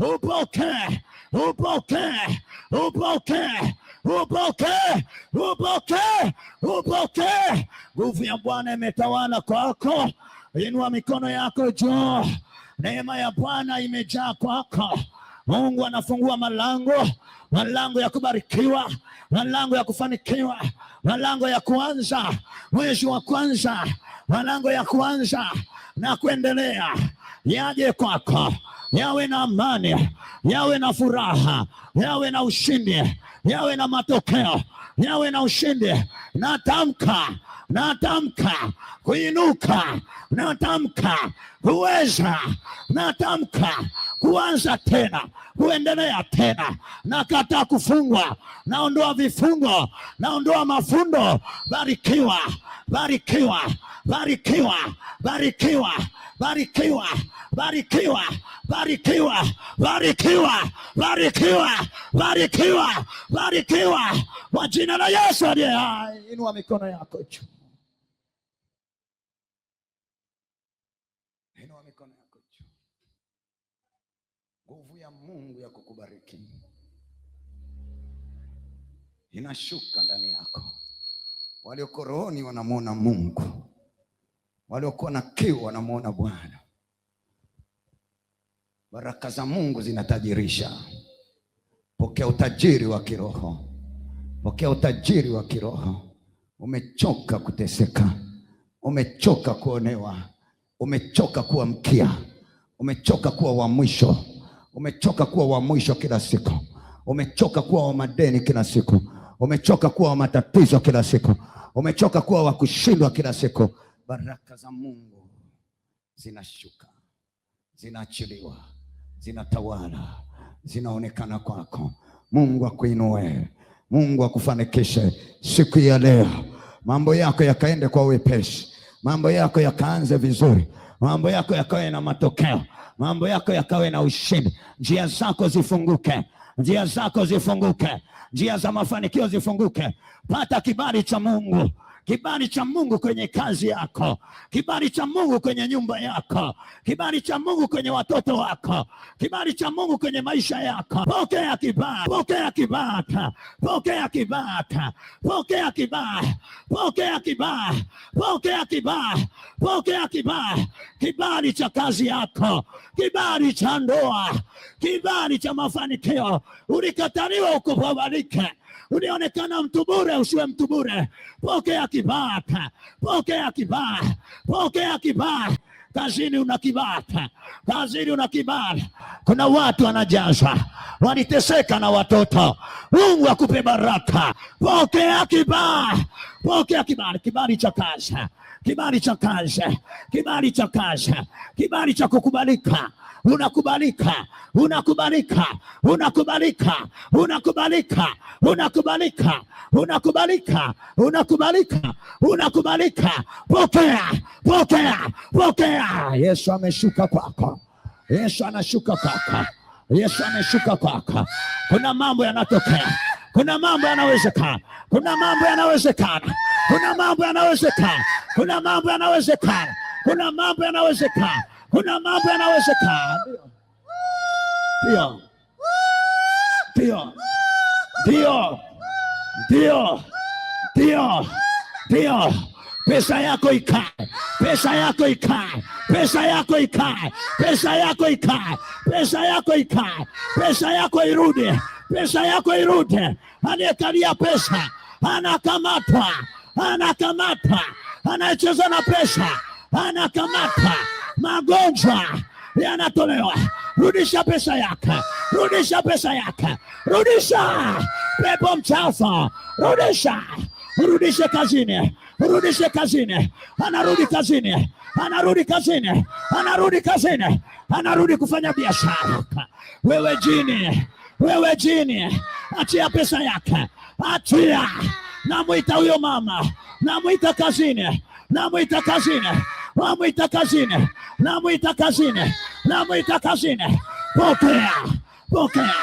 upokee, upokee, upokee, upokee, upokee, upokee. Nguvu ya Bwana imetawala kwako. Inua mikono yako juu. Neema ya Bwana imejaa kwako. Mungu anafungua malango, malango ya kubarikiwa, malango ya kufanikiwa, malango ya kuanza mwezi wa kwanza, malango ya kuanza na kuendelea yaje kwako yawe na amani, yawe na furaha, yawe na ushindi, yawe na matokeo, yawe na ushindi. Natamka, natamka kuinuka, natamka kuweza, natamka kuanza tena, kuendelea tena. Nakataa kufungwa, naondoa vifungo, naondoa mafundo. Barikiwa, barikiwa, barikiwa, barikiwa, barikiwa, barikiwa, barikiwa, barikiwa, barikiwa, barikiwa, barikiwa kwa jina la Yesu aliye hai. Inua mikono yako juu. inashuka ndani yako. Walioko rohoni wanamwona Mungu, waliokuwa na kiu wanamwona Bwana. Baraka za Mungu zinatajirisha. Pokea utajiri wa kiroho, pokea utajiri wa kiroho. Umechoka kuteseka, umechoka kuonewa, umechoka kuwa mkia, umechoka kuwa wa mwisho, umechoka kuwa wa mwisho kila siku, umechoka kuwa wa madeni kila siku. Umechoka kuwa wa matatizo kila siku, umechoka kuwa wa kushindwa kila siku. Baraka za Mungu zinashuka, zinaachiliwa, zinatawala, zinaonekana kwako. Mungu akuinue, Mungu akufanikishe siku ya leo. Mambo yako yakaende kwa wepesi, mambo yako yakaanze vizuri, mambo yako yakawe na matokeo, mambo yako yakawe na ushindi, njia zako zifunguke njia zako zifunguke, njia za mafanikio zifunguke, pata kibali cha Mungu kibali cha Mungu kwenye kazi yako, kibali cha Mungu kwenye nyumba yako, kibali cha Mungu kwenye watoto wako, kibali cha Mungu kwenye maisha yako. Pokea kibali, pokea kibali, pokea kibali, pokea kibali, pokea kibali, pokea kibali, pokea kibali, kibali cha kazi yako, kibali cha ndoa, kibali cha mafanikio. Ulikataliwa ukubalike Ulionekana mtu bure, usiwe mtu bure. Pokea ya pokea poke pokea kibaa. Kazini una kibaa, kazini una kibaa. Kuna watu wanajaza waliteseka na watoto. Mungu akupe baraka. Pokea poke pokea kibali, kibali cha kazi kibali cha kazi, kibali cha kazi, kibali cha kukubalika. Unakubalika, unakubalika, unakubalika, unakubalika, unakubalika, unakubalika, unakubalika, unakubalika. Pokea, pokea, pokea. Yesu ameshuka kwako, Yesu anashuka kwako, Yesu ameshuka kwako. Kuna mambo yanatokea kuna mambo yanawezekana, kuna mambo yanawezekana, kuna mambo yanawezekana. Kuna mambo yanawezekana, kuna mambo yanawezekana, kuna mambo yanawezekana. Ndio, ndio, ndio, ndio, ndio, ndio. Pesa yako ikae, pesa yako ikae, pesa yako ikae, pesa yako ikae, pesa yako ikae, pesa yako irudi, pesa yako irudi. Anayekalia pesa anakamatwa, anakamatwa anayecheza na presha anakamata. Magonjwa yanatolewa. Rudisha pesa yake, rudisha pesa yake, rudisha pepo mchafu, rudisha, rudishe kazini, rudishe kazini. Anarudi kazini, anarudi kazini, anarudi kazini, anarudi kufanya biashara. Wewe jini, wewe jini, achia pesa yake, achia namwita huyo mama, namwita kazini, namwita kazini, namwita kazini, namwita kazini, namwita kazini. Pokea, pokea,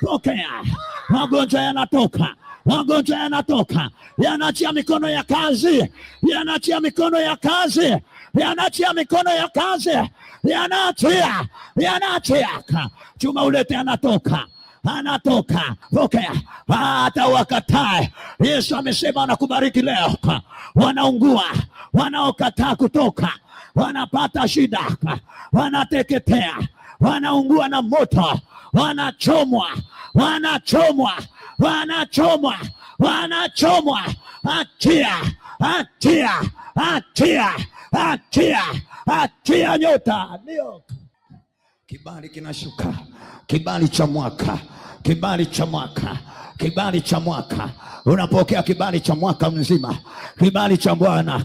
pokea. Magonjwa yanatoka magonjwa yanatoka, yanachia mikono ya kazi, yanachia mikono ya kazi, yanachia mikono ya kazi, yanachia, yanachia. Chuma ulete anatoka anatoka pokea, hata wakatae. Yesu amesema anakubariki leo. Wanaungua, wanaokataa kutoka wanapata shida, wanateketea, wanaungua na moto, wanachomwa, wanachomwa, wanachomwa, wanachomwa. Achia, achia, achia, achia, achia nyota ndio Kibali kinashuka, kibali cha mwaka, kibali cha mwaka, kibali cha mwaka. Unapokea kibali cha mwaka mzima, kibali cha Bwana.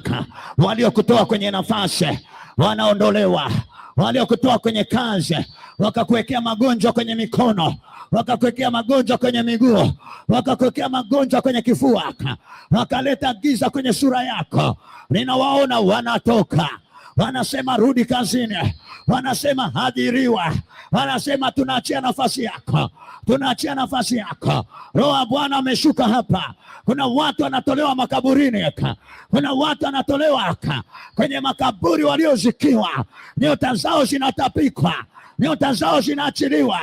Waliokutoa kwenye nafasi wanaondolewa, waliokutoa kwenye kazi wakakuwekea magonjwa kwenye mikono, wakakuwekea magonjwa kwenye miguu, wakakuwekea magonjwa kwenye kifua, wakaleta giza kwenye sura yako, ninawaona wanatoka wanasema rudi kazini, wanasema hadhiriwa, wanasema tunaachia nafasi yako, tunaachia nafasi yako. Roho wa Bwana ameshuka hapa. Kuna watu wanatolewa makaburini, kuna watu wanatolewa kwenye makaburi waliozikiwa, nyota zao zinatapikwa nyota zao zinaachiliwa,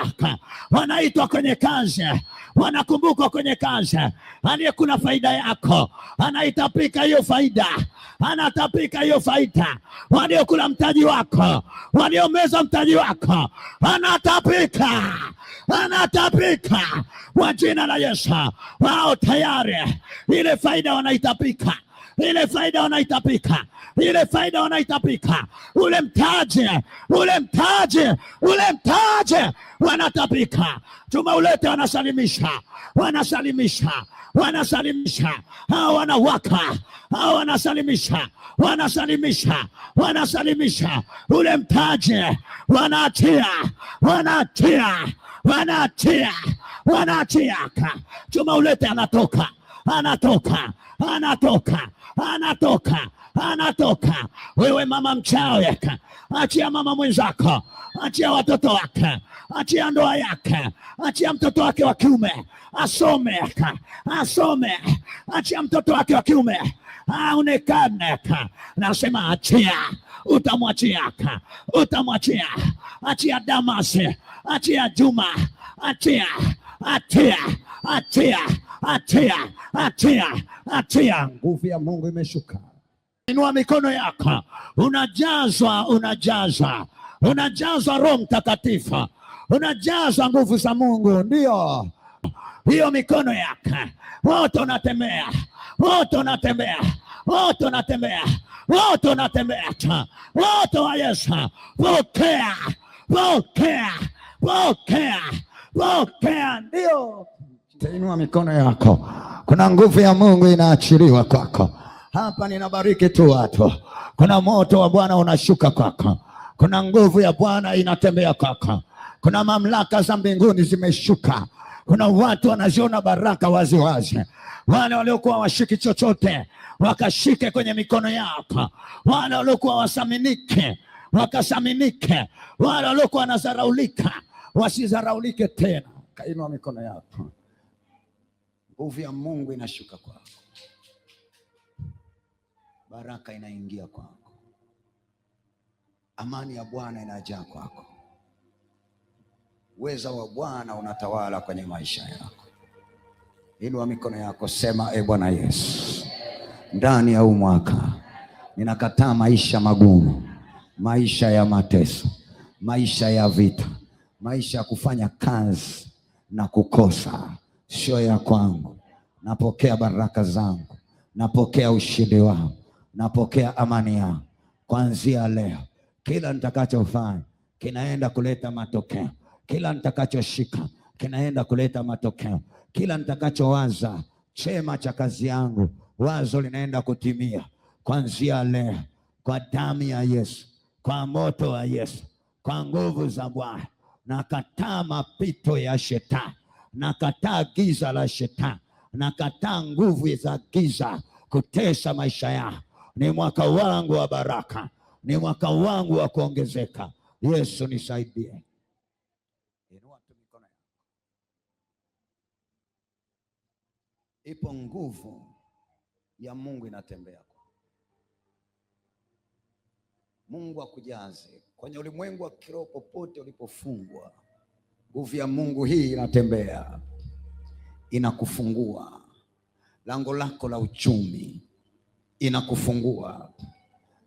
wanaitwa kwenye kazi, wanakumbukwa kwenye kazi. Aliyekula faida yako anaitapika hiyo faida, anatapika hiyo faida. Waliokula mtaji wako, waliomeza mtaji wako, anatapika anatapika, kwa jina la Yesu. Wao tayari ile faida wanaitapika ile faida wanaitapika, ile faida wanaitapika, ule mtaji, ule mtaji, ule mtaji wanatapika. Chuma ulete, wanasalimisha, wanasalimisha, wanasalimisha, hawa wanawaka, hawa wanasalimisha, wanasalimisha, wanasalimisha ule mtaji, wanaachia, wanaachia, wanaachia, wanaachia. Chuma ulete anatoka anatoka, anatoka, anatoka, anatoka. Wewe mama yake, achia mama mwenzako, achia watoto wake, achia ndoa yake, achia mtoto wake wa kiume asome, asome, achia mtoto wake wa kiume aonekane. Nasema achia, utamwachia, utamwachia. Achia Damasi, achia Juma, achia, achia, achia atia, atia atia Nguvu ya Mungu imeshuka. Inua mikono yako, unajazwa, unajazwa, unajazwa Roho Mtakatifu, unajazwa nguvu za Mungu. Ndio hiyo mikono yako, wote unatembea, wote unatembea wote unatembea, wote unatembea, wote wa Yesu. Pokea, pokea, pokea, pokea, ndio. Tainua mikono yako, kuna nguvu ya Mungu inaachiliwa kwako hapa. Ninabariki tu watu, kuna moto wa Bwana unashuka kwako, kuna nguvu ya Bwana inatembea kwako, kuna mamlaka za mbinguni zimeshuka kuna watu wanaziona baraka waziwazi wazi. Wale waliokuwa washiki chochote wakashike kwenye mikono yako, wale waliokuwa wasaminike wakasaminike, wale waliokuwa wanazaraulika wasizaraulike tena. Kainua mikono yako nguvu ya Mungu inashuka kwako, baraka inaingia kwako, amani ya Bwana inajaa kwako, uweza wa Bwana unatawala kwenye maisha yako. Inua mikono yako, sema e Bwana Yesu, ndani ya huu mwaka ninakataa maisha magumu, maisha ya mateso, maisha ya vita, maisha ya kufanya kazi na kukosa sio ya kwangu. Napokea baraka zangu, napokea ushindi wao, napokea amani yao. Kuanzia leo, kila nitakachofanya kinaenda kuleta matokeo, kila nitakachoshika kinaenda kuleta matokeo, kila nitakachowaza chema cha kazi yangu, wazo linaenda kutimia kuanzia leo, kwa damu ya Yesu, kwa moto wa Yesu, kwa nguvu za Bwana. kataa mapito ya shetani nakataa giza la shetani, nakataa nguvu za giza kutesa maisha yao. Ni mwaka wangu wa baraka, ni mwaka wangu wa kuongezeka. Yesu nisaidie. Ipo nguvu ya Mungu inatembea. Mungu akujaze kwenye ulimwengu wa kiroho, popote ulipofungwa Nguvu ya Mungu hii inatembea, inakufungua lango lako la uchumi, inakufungua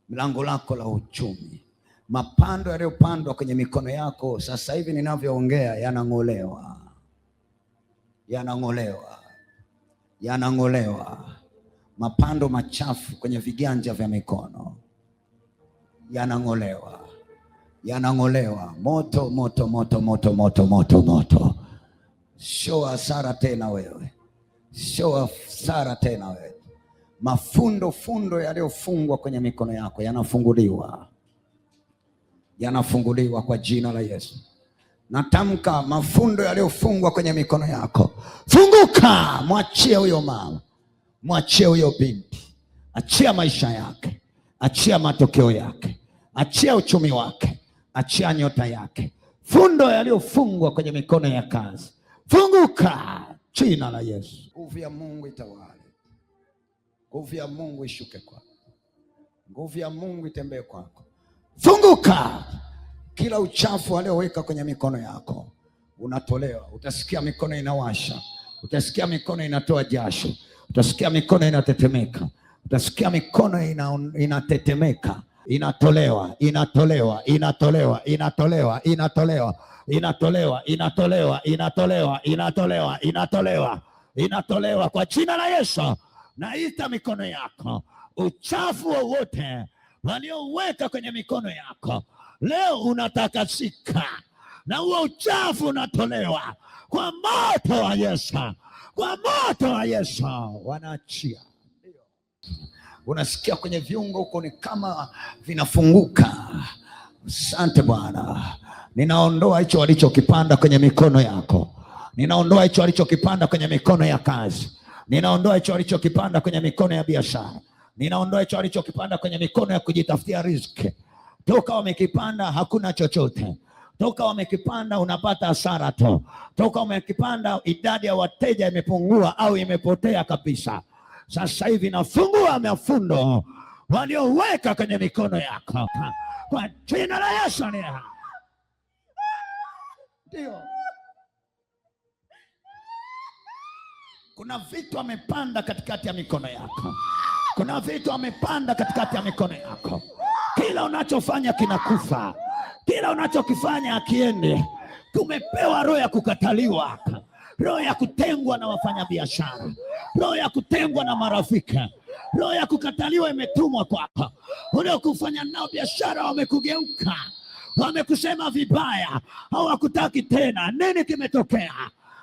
lango lako la uchumi. Mapando yaliyopandwa kwenye mikono yako sasa hivi ninavyoongea, yanang'olewa, yanang'olewa, yanang'olewa. Mapando machafu kwenye viganja vya mikono yanang'olewa yanang'olewa moto moto moto moto moto moto moto. Sio hasara tena wewe, sio hasara tena wewe. Mafundo fundo yaliyofungwa kwenye mikono yako yanafunguliwa, yanafunguliwa kwa jina la Yesu. Natamka mafundo yaliyofungwa kwenye mikono yako, funguka! Mwachie huyo mama, mwachie huyo binti, achia maisha yake, achia matokeo yake, achia uchumi wake achia nyota yake, fundo yaliyofungwa kwenye mikono ya kazi funguka, jina la Yesu. Nguvu ya Mungu itawale, nguvu ya Mungu ishuke kwako, nguvu ya Mungu itembee kwako. Funguka, kila uchafu aliyoweka kwenye mikono yako unatolewa. Utasikia mikono inawasha, utasikia mikono inatoa jasho, utasikia mikono inatetemeka, utasikia mikono ina, inatetemeka inatolewa inatolewa inatolewa inatolewa inatolewa inatolewa inatolewa inatolewa inatolewa inatolewa inatolewa kwa jina la Yesu. Naita mikono yako, uchafu wowote walioweka kwenye mikono yako leo unatakasika, na huo uchafu unatolewa kwa moto wa Yesu, kwa moto wa Yesu wanaachia unasikia kwenye viungo huko ni kama vinafunguka. Asante Bwana, ninaondoa hicho walichokipanda kwenye mikono yako, ninaondoa hicho walichokipanda kwenye mikono ya kazi, ninaondoa hicho walichokipanda kwenye mikono ya biashara, ninaondoa hicho walichokipanda kwenye mikono ya kujitafutia riziki. Toka wamekipanda hakuna chochote toka wamekipanda unapata hasara tu. Toka wamekipanda idadi ya wateja imepungua au imepotea kabisa. Sasa hivi nafungua mafundo walioweka kwenye mikono yako kwa jina la Yesu. Ndio kuna vitu amepanda katikati ya mikono yako, kuna vitu amepanda katikati ya mikono yako. Kila unachofanya kinakufa, kila unachokifanya akiende. Tumepewa roho ya kukataliwa roho ya kutengwa na wafanyabiashara, roho ya kutengwa na marafiki, roho ya kukataliwa imetumwa kwako. Uliokufanya nao biashara wamekugeuka, wamekusema vibaya, hawakutaki tena. Nini kimetokea?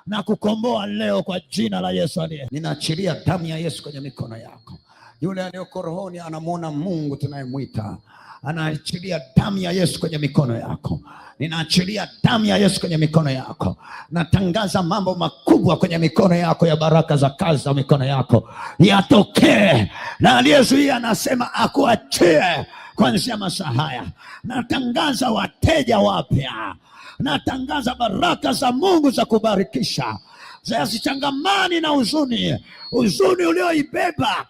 na kukomboa leo kwa jina la Yesu aliye. Ninaachilia damu ya Yesu kwenye mikono yako. Yule aliyoko rohoni anamwona Mungu tunayemwita anaachilia damu ya Yesu kwenye mikono yako. Ninaachilia damu ya Yesu kwenye mikono yako. Natangaza mambo makubwa kwenye mikono yako ya baraka za kazi za mikono yako yatokee, na aliyezuia anasema akuachie kuanzia masaa haya. Natangaza wateja wapya, natangaza baraka za Mungu za kubarikisha zisichangamani na huzuni. Huzuni ulioibeba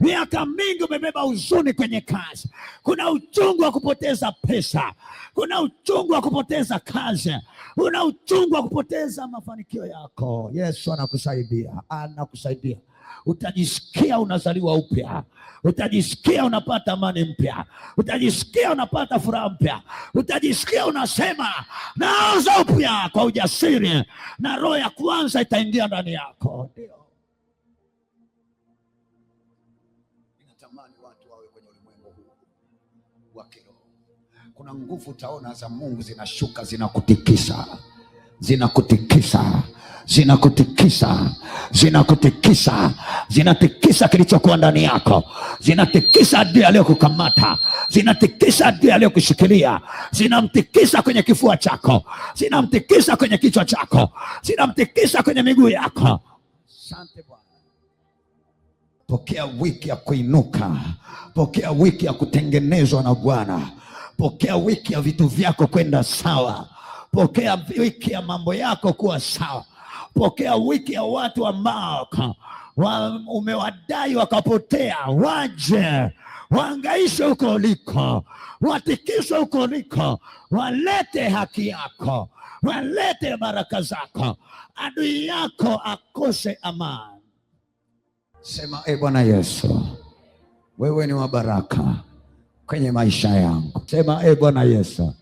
miaka mingi, umebeba huzuni kwenye kazi. Kuna uchungu wa kupoteza pesa, kuna uchungu wa kupoteza kazi, kuna uchungu wa kupoteza mafanikio yako. Yesu anakusaidia, anakusaidia utajisikia unazaliwa upya, utajisikia unapata amani mpya, utajisikia unapata furaha mpya, utajisikia unasema naanza upya kwa ujasiri, na roho ya kwanza itaingia ndani yako. Ndio ninatamani watu wawe kwenye ulimwengu huu wa kiroho. Kuna nguvu utaona za Mungu zinashuka zinakutikisa zinakutikisa zinakutikisa zinakutikisa zinatikisa kilichokuwa ndani yako, zinatikisa adui aliyokukamata, zinatikisa adui aliyokushikilia, zinamtikisa kwenye kifua chako, zinamtikisa kwenye kichwa chako, zinamtikisa kwenye miguu yako. Asante Bwana. Pokea wiki ya kuinuka, pokea wiki ya kutengenezwa na Bwana, pokea wiki ya vitu vyako kwenda sawa Pokea wiki ya mambo yako kuwa sawa. Pokea wiki ya watu ambao wa umewadai wakapotea, waje waangaishe huko uliko, watikishe huko uliko, walete haki yako, walete baraka zako, adui yako akose amani. Sema e Bwana Yesu, wewe ni wa baraka kwenye maisha yangu. Sema e Bwana Yesu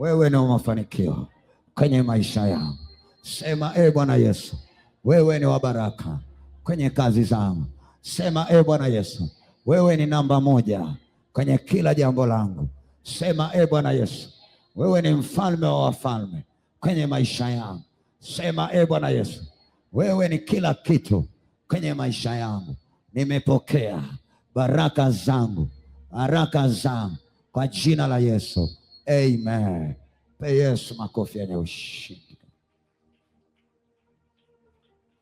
wewe ni mafanikio kwenye maisha yangu. Sema e Bwana Yesu, wewe ni wa baraka kwenye kazi zangu. Sema e Bwana Yesu, wewe ni namba moja kwenye kila jambo langu. Sema e Bwana Yesu, wewe ni mfalme wa wafalme kwenye maisha yangu. Sema e Bwana Yesu, wewe ni kila kitu kwenye maisha yangu. Nimepokea baraka zangu, baraka zangu kwa jina la Yesu. Amen. mãe, peço uma confiança.